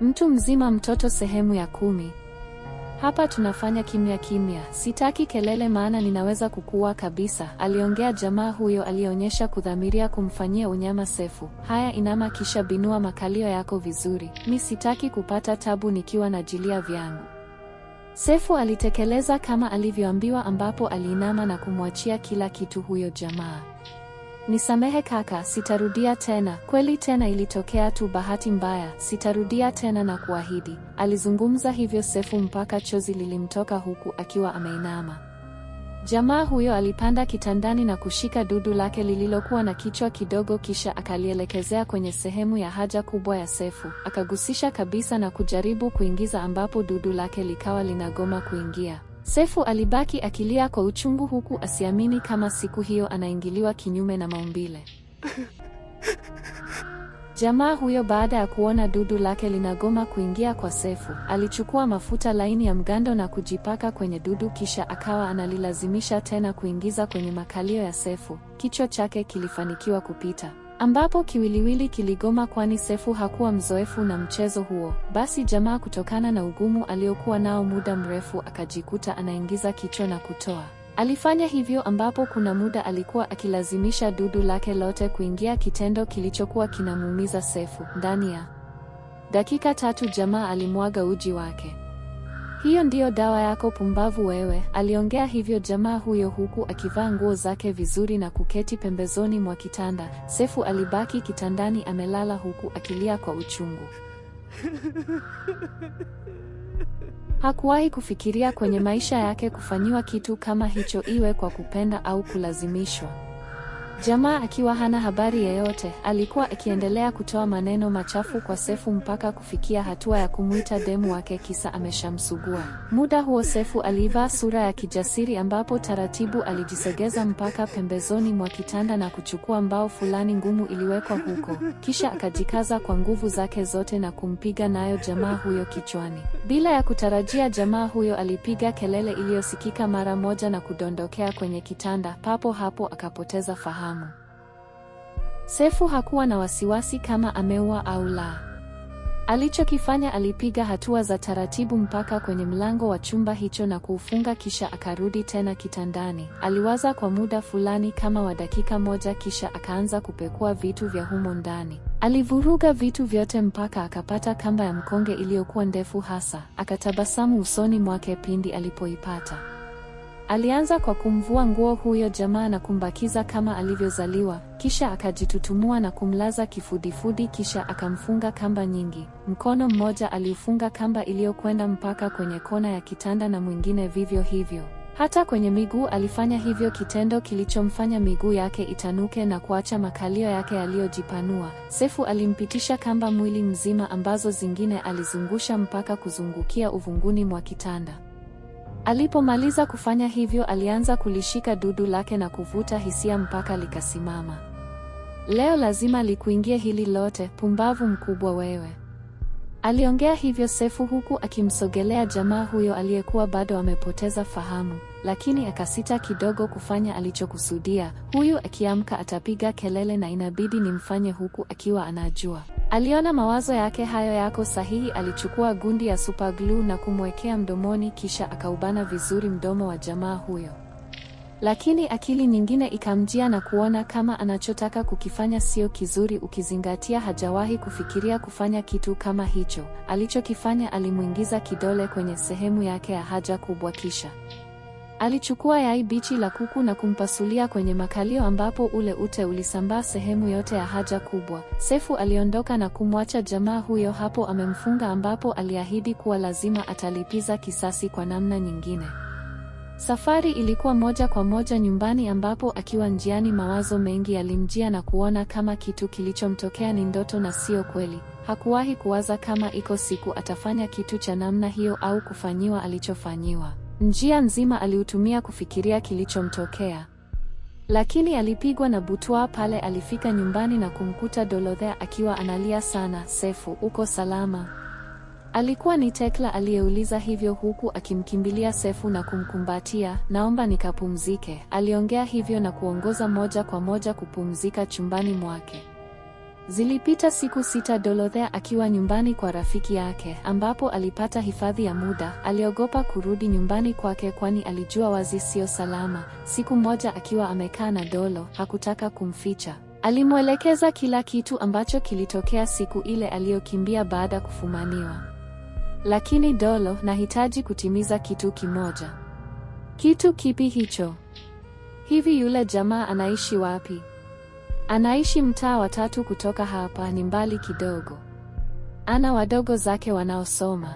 Mtu mzima mtoto sehemu ya kumi. Hapa tunafanya kimya kimya, sitaki kelele maana ninaweza kukua kabisa, aliongea jamaa huyo alionyesha kudhamiria kumfanyia unyama Sefu. Haya, inama kisha binua makalio yako vizuri, mi sitaki kupata tabu nikiwa na jilia vyangu. Sefu alitekeleza kama alivyoambiwa ambapo aliinama na kumwachia kila kitu huyo jamaa. Nisamehe kaka, sitarudia tena. Kweli tena, ilitokea tu bahati mbaya, sitarudia tena na kuahidi. Alizungumza hivyo Sefu mpaka chozi lilimtoka huku akiwa ameinama. Jamaa huyo alipanda kitandani na kushika dudu lake lililokuwa na kichwa kidogo kisha akalielekezea kwenye sehemu ya haja kubwa ya Sefu, akagusisha kabisa na kujaribu kuingiza ambapo dudu lake likawa linagoma kuingia. Sefu alibaki akilia kwa uchungu huku asiamini kama siku hiyo anaingiliwa kinyume na maumbile. Jamaa huyo baada ya kuona dudu lake linagoma kuingia kwa Sefu, alichukua mafuta laini ya mgando na kujipaka kwenye dudu kisha akawa analilazimisha tena kuingiza kwenye makalio ya Sefu. Kichwa chake kilifanikiwa kupita ambapo kiwiliwili kiligoma kwani Sefu hakuwa mzoefu na mchezo huo. Basi jamaa kutokana na ugumu aliokuwa nao muda mrefu akajikuta anaingiza kichwa na kutoa. Alifanya hivyo ambapo kuna muda alikuwa akilazimisha dudu lake lote kuingia, kitendo kilichokuwa kinamuumiza Sefu. Ndani ya dakika tatu jamaa alimwaga uji wake. Hiyo ndiyo dawa yako pumbavu wewe. Aliongea hivyo jamaa huyo huku akivaa nguo zake vizuri na kuketi pembezoni mwa kitanda. Sefu alibaki kitandani amelala huku akilia kwa uchungu. Hakuwahi kufikiria kwenye maisha yake kufanyiwa kitu kama hicho iwe kwa kupenda au kulazimishwa. Jamaa akiwa hana habari yeyote, alikuwa akiendelea kutoa maneno machafu kwa Sefu mpaka kufikia hatua ya kumwita demu wake kisa ameshamsugua. Muda huo Sefu alivaa sura ya kijasiri ambapo taratibu alijisogeza mpaka pembezoni mwa kitanda na kuchukua mbao fulani ngumu iliwekwa huko. Kisha akajikaza kwa nguvu zake zote na kumpiga nayo jamaa huyo kichwani. Bila ya kutarajia, jamaa huyo alipiga kelele iliyosikika mara moja na kudondokea kwenye kitanda. Papo hapo akapoteza fahamu fahamu. Sefu hakuwa na wasiwasi kama ameua au la. Alichokifanya, alipiga hatua za taratibu mpaka kwenye mlango wa chumba hicho na kuufunga, kisha akarudi tena kitandani. Aliwaza kwa muda fulani kama wa dakika moja, kisha akaanza kupekua vitu vya humo ndani. Alivuruga vitu vyote mpaka akapata kamba ya mkonge iliyokuwa ndefu hasa. Akatabasamu usoni mwake pindi alipoipata. Alianza kwa kumvua nguo huyo jamaa na kumbakiza kama alivyozaliwa, kisha akajitutumua na kumlaza kifudifudi, kisha akamfunga kamba nyingi. Mkono mmoja aliufunga kamba iliyokwenda mpaka kwenye kona ya kitanda na mwingine vivyo hivyo. Hata kwenye miguu alifanya hivyo, kitendo kilichomfanya miguu yake itanuke na kuacha makalio yake yaliyojipanua. Sefu alimpitisha kamba mwili mzima, ambazo zingine alizungusha mpaka kuzungukia uvunguni mwa kitanda. Alipomaliza kufanya hivyo, alianza kulishika dudu lake na kuvuta hisia mpaka likasimama. Leo lazima likuingie hili lote, pumbavu mkubwa wewe. Aliongea hivyo Sefu huku akimsogelea jamaa huyo aliyekuwa bado amepoteza fahamu lakini akasita kidogo kufanya alichokusudia. Huyu akiamka atapiga kelele na inabidi nimfanye huku akiwa anajua. Aliona mawazo yake hayo yako sahihi. Alichukua gundi ya super glue na kumwekea mdomoni, kisha akaubana vizuri mdomo wa jamaa huyo. Lakini akili nyingine ikamjia na kuona kama anachotaka kukifanya sio kizuri, ukizingatia hajawahi kufikiria kufanya kitu kama hicho. Alichokifanya, alimwingiza kidole kwenye sehemu yake ya haja kubwa kisha Alichukua yai bichi la kuku na kumpasulia kwenye makalio ambapo ule ute ulisambaa sehemu yote ya haja kubwa. Sefu aliondoka na kumwacha jamaa huyo hapo amemfunga ambapo aliahidi kuwa lazima atalipiza kisasi kwa namna nyingine. Safari ilikuwa moja kwa moja nyumbani ambapo akiwa njiani mawazo mengi yalimjia na kuona kama kitu kilichomtokea ni ndoto na sio kweli. Hakuwahi kuwaza kama iko siku atafanya kitu cha namna hiyo au kufanyiwa alichofanyiwa. Njia nzima aliutumia kufikiria kilichomtokea, lakini alipigwa na butwa pale alifika nyumbani na kumkuta Dolothea akiwa analia sana. Sefu, uko salama? Alikuwa ni Tekla aliyeuliza hivyo huku akimkimbilia Sefu na kumkumbatia. Naomba nikapumzike, aliongea hivyo na kuongoza moja kwa moja kupumzika chumbani mwake. Zilipita siku sita Dorothea akiwa nyumbani kwa rafiki yake ambapo alipata hifadhi ya muda. Aliogopa kurudi nyumbani kwake kwani alijua wazi sio salama. Siku moja akiwa amekaa na Dolo, hakutaka kumficha. Alimwelekeza kila kitu ambacho kilitokea siku ile aliyokimbia baada kufumaniwa. Lakini Dolo, nahitaji kutimiza kitu kimoja. Kitu kipi hicho? Hivi yule jamaa anaishi wapi? Anaishi mtaa wa tatu kutoka hapa, ni mbali kidogo. Ana wadogo zake wanaosoma.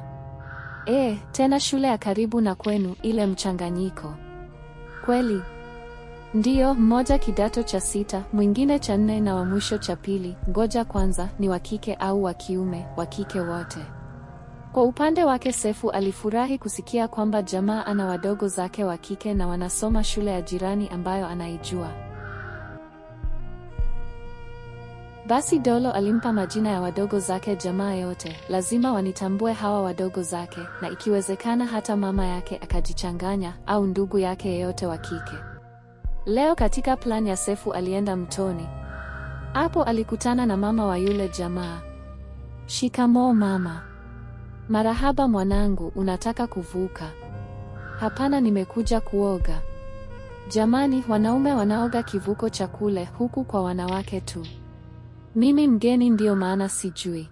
E, tena shule ya karibu na kwenu, ile mchanganyiko. Kweli? Ndiyo, mmoja kidato cha sita, mwingine cha nne na wa mwisho cha pili. Ngoja kwanza, ni wa kike au wa kiume? Wa kike wote. Kwa upande wake Sefu alifurahi kusikia kwamba jamaa ana wadogo zake wa kike na wanasoma shule ya jirani ambayo anaijua. Basi Dolo alimpa majina ya wadogo zake jamaa yote, lazima wanitambue hawa wadogo zake, na ikiwezekana hata mama yake akajichanganya au ndugu yake yeyote wa kike. Leo katika plan ya Sefu alienda mtoni. Hapo alikutana na mama wa yule jamaa. Shikamoo mama. Marahaba mwanangu, unataka kuvuka? Hapana, nimekuja kuoga. Jamani, wanaume wanaoga kivuko cha kule, huku kwa wanawake tu. Mimi mgeni ndiyo maana sijui.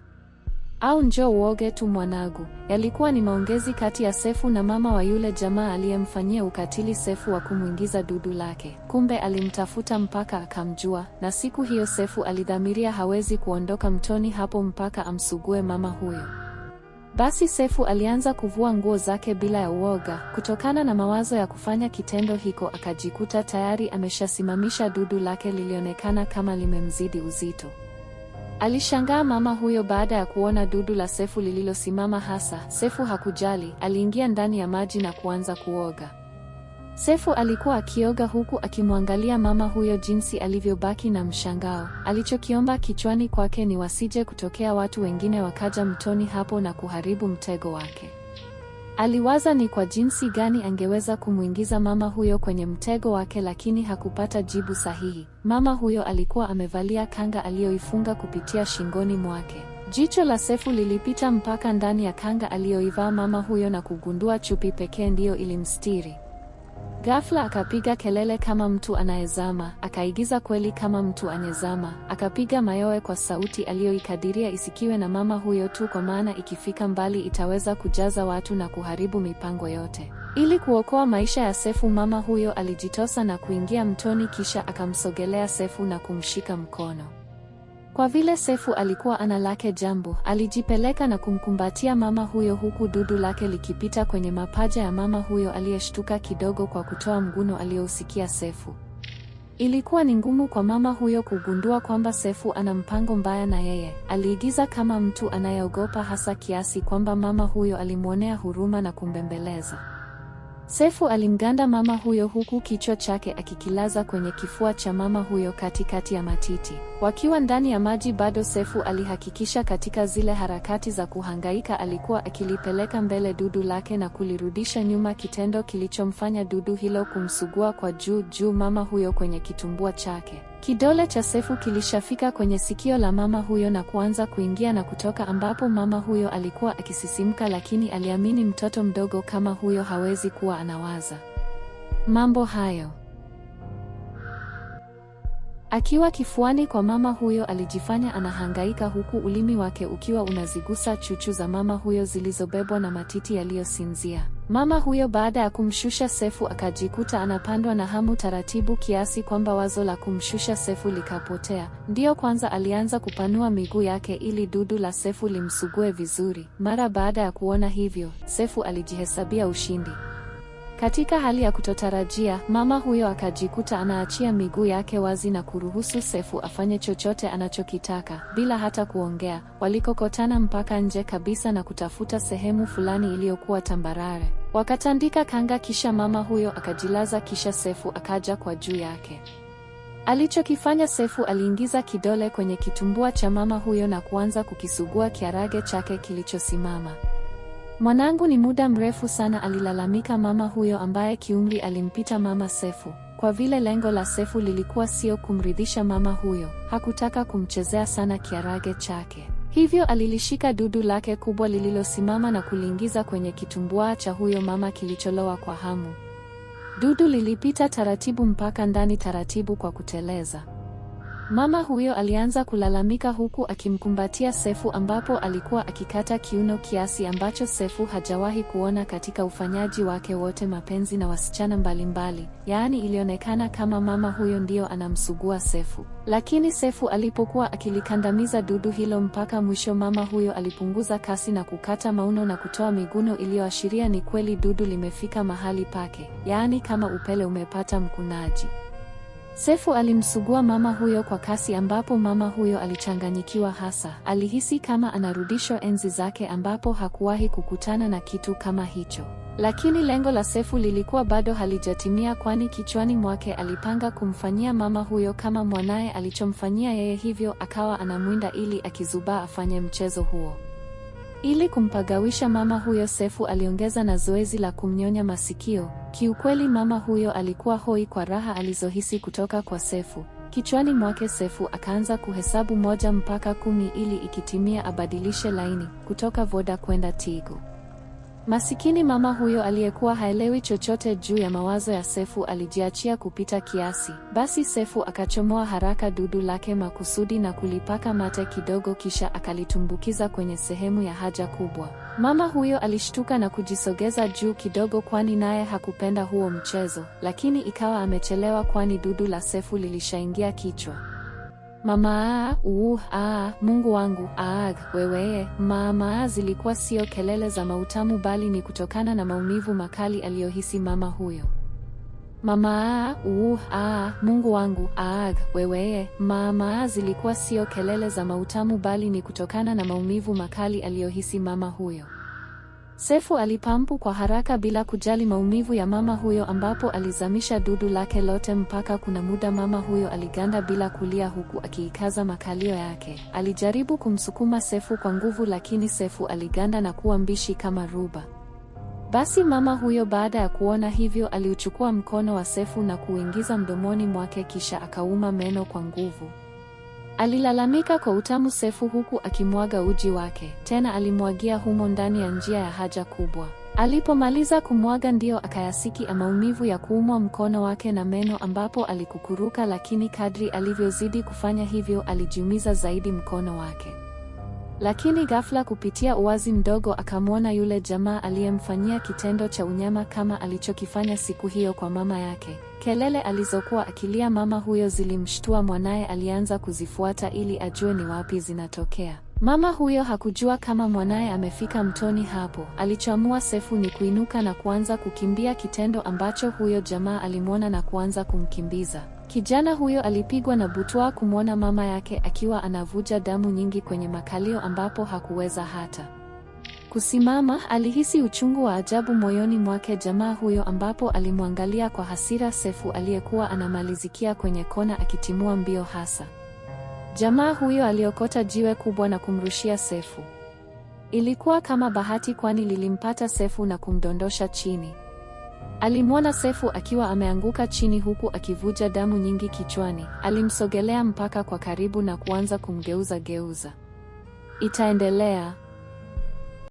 Au njoo uoge tu mwanangu. Yalikuwa ni maongezi kati ya Sefu na mama wa yule jamaa aliyemfanyia ukatili Sefu wa kumwingiza dudu lake. Kumbe alimtafuta mpaka akamjua, na siku hiyo Sefu alidhamiria hawezi kuondoka mtoni hapo mpaka amsugue mama huyo. Basi Sefu alianza kuvua nguo zake bila ya uoga, kutokana na mawazo ya kufanya kitendo hiko akajikuta tayari ameshasimamisha dudu lake lilionekana kama limemzidi uzito. Alishangaa mama huyo baada ya kuona dudu la Sefu lililosimama hasa. Sefu hakujali, aliingia ndani ya maji na kuanza kuoga. Sefu alikuwa akioga huku akimwangalia mama huyo jinsi alivyobaki na mshangao. Alichokiomba kichwani kwake ni wasije kutokea watu wengine wakaja mtoni hapo na kuharibu mtego wake. Aliwaza ni kwa jinsi gani angeweza kumwingiza mama huyo kwenye mtego wake lakini hakupata jibu sahihi. Mama huyo alikuwa amevalia kanga aliyoifunga kupitia shingoni mwake. Jicho la Sefu lilipita mpaka ndani ya kanga aliyoivaa mama huyo na kugundua chupi pekee ndiyo ilimstiri. Ghafla akapiga kelele kama mtu anayezama, akaigiza kweli kama mtu anyezama, akapiga mayowe kwa sauti aliyoikadiria isikiwe na mama huyo tu, kwa maana ikifika mbali itaweza kujaza watu na kuharibu mipango yote. Ili kuokoa maisha ya Sefu, mama huyo alijitosa na kuingia mtoni, kisha akamsogelea Sefu na kumshika mkono. Kwa vile Sefu alikuwa ana lake jambo, alijipeleka na kumkumbatia mama huyo huku dudu lake likipita kwenye mapaja ya mama huyo aliyeshtuka kidogo kwa kutoa mguno aliyousikia Sefu. Ilikuwa ni ngumu kwa mama huyo kugundua kwamba Sefu ana mpango mbaya na yeye. Aliigiza kama mtu anayeogopa hasa kiasi kwamba mama huyo alimwonea huruma na kumbembeleza. Sefu alimganda mama huyo huku kichwa chake akikilaza kwenye kifua cha mama huyo katikati ya matiti. Wakiwa ndani ya maji bado, Sefu alihakikisha katika zile harakati za kuhangaika alikuwa akilipeleka mbele dudu lake na kulirudisha nyuma, kitendo kilichomfanya dudu hilo kumsugua kwa juu juu mama huyo kwenye kitumbua chake. Kidole cha Sefu kilishafika kwenye sikio la mama huyo na kuanza kuingia na kutoka ambapo mama huyo alikuwa akisisimka lakini aliamini mtoto mdogo kama huyo hawezi kuwa anawaza. Mambo hayo. Akiwa kifuani kwa mama huyo alijifanya anahangaika huku ulimi wake ukiwa unazigusa chuchu za mama huyo zilizobebwa na matiti yaliyosinzia. Mama huyo baada ya kumshusha Sefu akajikuta anapandwa na hamu taratibu kiasi kwamba wazo la kumshusha Sefu likapotea. Ndiyo kwanza alianza kupanua miguu yake ili dudu la Sefu limsugue vizuri. Mara baada ya kuona hivyo, Sefu alijihesabia ushindi. Katika hali ya kutotarajia, mama huyo akajikuta anaachia miguu yake wazi na kuruhusu Sefu afanye chochote anachokitaka bila hata kuongea. Walikokotana mpaka nje kabisa na kutafuta sehemu fulani iliyokuwa tambarare. Wakatandika kanga, kisha mama huyo akajilaza, kisha Sefu akaja kwa juu yake. Alichokifanya Sefu aliingiza kidole kwenye kitumbua cha mama huyo na kuanza kukisugua kiarage chake kilichosimama. Mwanangu ni muda mrefu sana, alilalamika mama huyo ambaye kiumri alimpita mama Sefu. Kwa vile lengo la Sefu lilikuwa sio kumridhisha mama huyo, hakutaka kumchezea sana kiarage chake. Hivyo alilishika dudu lake kubwa lililosimama na kuliingiza kwenye kitumbua cha huyo mama kilicholowa kwa hamu. Dudu lilipita taratibu mpaka ndani taratibu kwa kuteleza. Mama huyo alianza kulalamika huku akimkumbatia Sefu ambapo alikuwa akikata kiuno kiasi ambacho Sefu hajawahi kuona katika ufanyaji wake wote mapenzi na wasichana mbalimbali, yaani ilionekana kama mama huyo ndiyo anamsugua Sefu. Lakini Sefu alipokuwa akilikandamiza dudu hilo mpaka mwisho, mama huyo alipunguza kasi na kukata mauno na kutoa miguno iliyoashiria ni kweli dudu limefika mahali pake, yaani kama upele umepata mkunaji. Sefu alimsugua mama huyo kwa kasi ambapo mama huyo alichanganyikiwa hasa. Alihisi kama anarudishwa enzi zake ambapo hakuwahi kukutana na kitu kama hicho. Lakini lengo la Sefu lilikuwa bado halijatimia kwani kichwani mwake alipanga kumfanyia mama huyo kama mwanaye alichomfanyia yeye hivyo akawa anamwinda ili akizubaa afanye mchezo huo. Ili kumpagawisha mama huyo Sefu aliongeza na zoezi la kumnyonya masikio. Kiukweli mama huyo alikuwa hoi kwa raha alizohisi kutoka kwa Sefu. Kichwani mwake Sefu akaanza kuhesabu moja mpaka kumi ili ikitimia abadilishe laini kutoka Voda kwenda Tigo. Masikini mama huyo aliyekuwa haelewi chochote juu ya mawazo ya Sefu alijiachia kupita kiasi. Basi Sefu akachomoa haraka dudu lake makusudi na kulipaka mate kidogo kisha akalitumbukiza kwenye sehemu ya haja kubwa. Mama huyo alishtuka na kujisogeza juu kidogo kwani naye hakupenda huo mchezo, lakini ikawa amechelewa kwani dudu la Sefu lilishaingia kichwa. Mama uh, ah, Mungu wangu ah, wewe mama. Zilikuwa sio kelele za mautamu, bali ni kutokana na maumivu makali aliyohisi mama huyo. Mama uh, ah, Mungu wangu ah, wewe mama. Zilikuwa sio kelele za mautamu, bali ni kutokana na maumivu makali aliyohisi mama huyo. Sefu alipampu kwa haraka bila kujali maumivu ya mama huyo ambapo alizamisha dudu lake lote mpaka kuna muda mama huyo aliganda bila kulia huku akiikaza makalio yake. Alijaribu kumsukuma Sefu kwa nguvu lakini Sefu aliganda na kuwa mbishi kama ruba. Basi mama huyo baada ya kuona hivyo aliuchukua mkono wa Sefu na kuingiza mdomoni mwake kisha akauma meno kwa nguvu. Alilalamika kwa utamu Sefu huku akimwaga uji wake, tena alimwagia humo ndani ya njia ya haja kubwa. Alipomaliza kumwaga ndiyo akayasiki ya maumivu ya kuumwa mkono wake na meno ambapo alikukuruka, lakini kadri alivyozidi kufanya hivyo alijiumiza zaidi mkono wake. Lakini ghafla kupitia uwazi mdogo akamwona yule jamaa aliyemfanyia kitendo cha unyama kama alichokifanya siku hiyo kwa mama yake. Kelele alizokuwa akilia mama huyo zilimshtua mwanaye, alianza kuzifuata ili ajue ni wapi zinatokea. Mama huyo hakujua kama mwanaye amefika mtoni hapo. Alichoamua Sefu ni kuinuka na kuanza kukimbia, kitendo ambacho huyo jamaa alimwona na kuanza kumkimbiza. Kijana huyo alipigwa na butwa kumwona mama yake akiwa anavuja damu nyingi kwenye makalio ambapo hakuweza hata kusimama. Alihisi uchungu wa ajabu moyoni mwake jamaa huyo, ambapo alimwangalia kwa hasira Sefu aliyekuwa anamalizikia kwenye kona akitimua mbio hasa. Jamaa huyo aliokota jiwe kubwa na kumrushia Sefu. Ilikuwa kama bahati, kwani lilimpata Sefu na kumdondosha chini. Alimwona Sefu akiwa ameanguka chini huku akivuja damu nyingi kichwani. Alimsogelea mpaka kwa karibu na kuanza kumgeuza geuza. Itaendelea.